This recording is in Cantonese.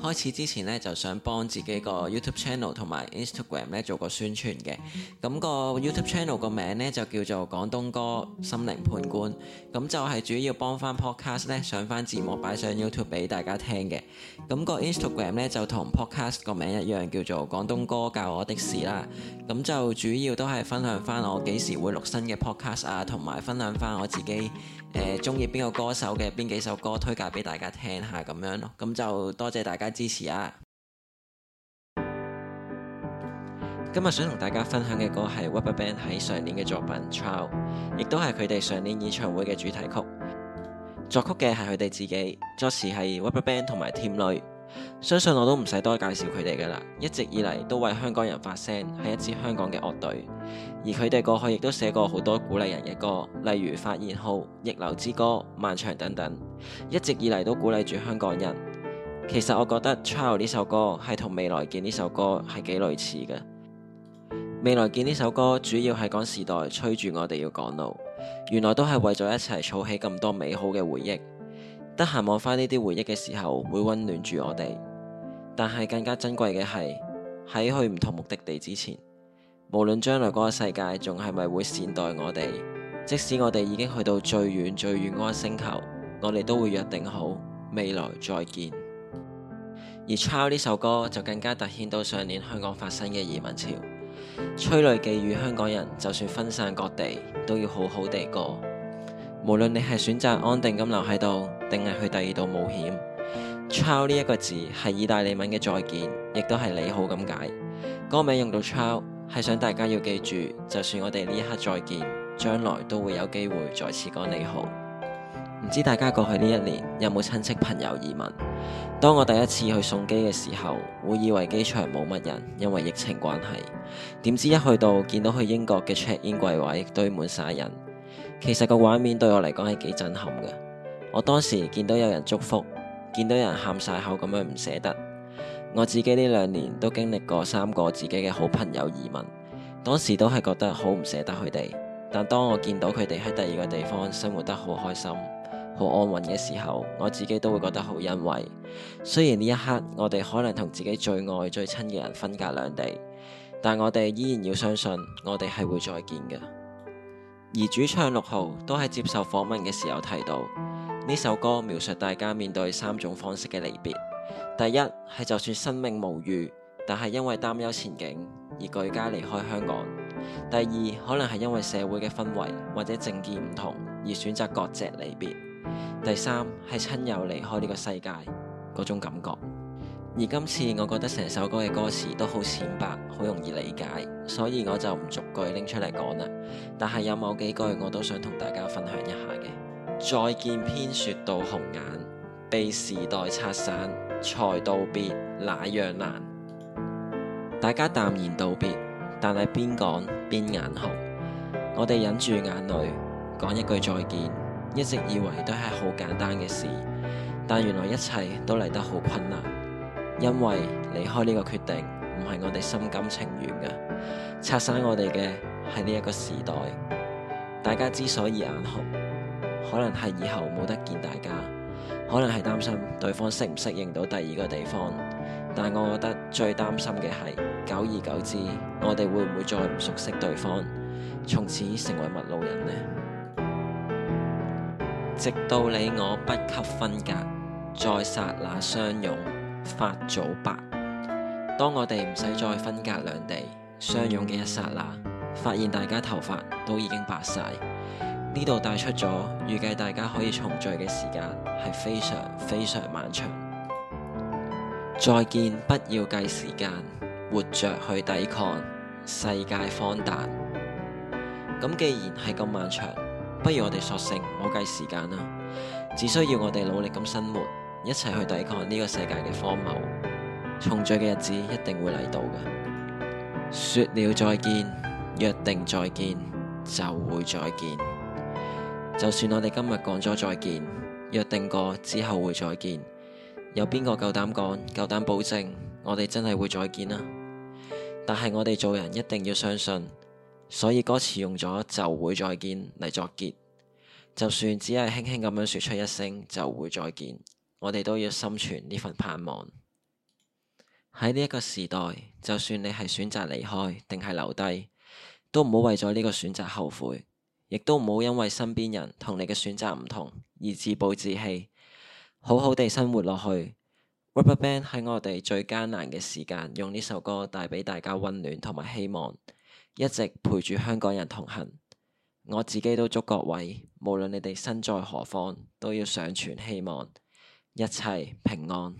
開始之前咧，就想幫自己個 YouTube channel 同埋 Instagram 咧做個宣傳嘅。咁個 YouTube channel 個名呢就叫做廣東歌心靈判官，咁就係主要幫翻 podcast 咧上翻字幕擺上 YouTube 俾大家聽嘅。咁個 Instagram 呢就同 podcast 個名一樣，叫做廣東歌教我的事啦。咁就主要都係分享翻我幾時會錄新嘅 podcast 啊，同埋分享翻我自己誒中意邊個歌手嘅邊幾首歌推介俾大家聽下咁樣咯。咁就多謝大家。支持啊！今日想同大家分享嘅歌係 RubberBand 喺上年嘅作品《Ciao》，亦都係佢哋上年演唱會嘅主題曲。作曲嘅係佢哋自己，作詞係 RubberBand 同埋 Tim Lui。相信我都唔使多介紹佢哋噶啦，一直以嚟都為香港人發聲，係一支香港嘅樂隊。而佢哋過去亦都寫過好多鼓勵人嘅歌，例如《發現號》、《逆流之歌》、《漫長》等等，一直以嚟都鼓勵住香港人。其實我覺得《Ciao》呢首歌係同《未來見》呢首歌係幾類似嘅。《未來見》呢首歌主要係講時代催住我哋要趕路，原來都係為咗一齊儲起咁多美好嘅回憶。得閒望翻呢啲回憶嘅時候，會溫暖住我哋。但係更加珍貴嘅係喺去唔同目的地之前，無論將來嗰個世界仲係咪會善待我哋，即使我哋已經去到最遠最遠嗰個星球，我哋都會約定好未來再見。而《Ciao》呢首歌就更加突顯到上年香港發生嘅移民潮，催淚寄語，香港人就算分散各地，都要好好地過。無論你係選擇安定咁留喺度，定係去第二度冒險，《Ciao》呢一個字係意大利文嘅再見，亦都係你好咁解。歌名用到《Ciao》係想大家要記住，就算我哋呢刻再見，將來都會有機會再次講你好。唔知大家過去呢一年有冇親戚朋友移民？當我第一次去送機嘅時候，會以為機場冇乜人，因為疫情關係。點知一去到，見到去英國嘅 check in 櫃位，堆滿晒人。其實個畫面對我嚟講係幾震撼嘅。我當時見到有人祝福，見到有人喊晒口，咁樣唔捨得。我自己呢兩年都經歷過三個自己嘅好朋友移民，當時都係覺得好唔捨得佢哋。但當我見到佢哋喺第二個地方生活得好開心。好安穩嘅時候，我自己都會覺得好欣慰。雖然呢一刻，我哋可能同自己最愛最親嘅人分隔兩地，但我哋依然要相信，我哋係會再見嘅。而主唱六號都喺接受訪問嘅時候提到，呢首歌描述大家面對三種方式嘅離別：第一係就算生命無虞，但係因為擔憂前景而舉家離開香港；第二可能係因為社會嘅氛圍或者政見唔同而選擇割席離別。第三係親友離開呢個世界嗰種感覺，而今次我覺得成首歌嘅歌詞都好淺白，好容易理解，所以我就唔逐句拎出嚟講啦。但係有某幾句我都想同大家分享一下嘅。再見偏說到紅眼，被時代拆散才道別那樣難，大家淡然道別，但係邊講邊眼紅，我哋忍住眼淚講一句再見。一直以為都係好簡單嘅事，但原來一切都嚟得好困難，因為離開呢個決定唔係我哋心甘情願嘅。拆散我哋嘅係呢一個時代。大家之所以眼紅，可能係以後冇得見大家，可能係擔心對方適唔適應到第二個地方。但我覺得最擔心嘅係，久而久之，我哋會唔會再唔熟悉對方，從此成為陌路人呢？直到你我不給分隔，在剎那相擁，髮早白。當我哋唔使再分隔兩地，相擁嘅一剎那，發現大家頭髮都已經白晒。呢度帶出咗預計大家可以重聚嘅時間係非常非常漫長。再見，不要計時間，活着去抵抗世界荒誕。咁既然係咁漫長。不如我哋索性冇計時間啦，只需要我哋努力咁生活，一齊去抵抗呢個世界嘅荒謬。重聚嘅日子一定會嚟到嘅。說了再見，約定再見，就會再見。就算我哋今日講咗再見，約定過之後會再見，有邊個夠膽講，夠膽保證，我哋真係會再見啊？但係我哋做人一定要相信。所以歌詞用咗就會再見嚟作結，就算只係輕輕咁樣說出一聲就會再見，我哋都要心存呢份盼望。喺呢一個時代，就算你係選擇離開定係留低，都唔好為咗呢個選擇後悔，亦都唔好因為身邊人同你嘅選擇唔同而自暴自棄，好好地生活落去。RubberBand 喺我哋最艱難嘅時間，用呢首歌帶俾大家溫暖同埋希望。一直陪住香港人同行，我自己都祝各位，無論你哋身在何方，都要尚存希望，一切平安。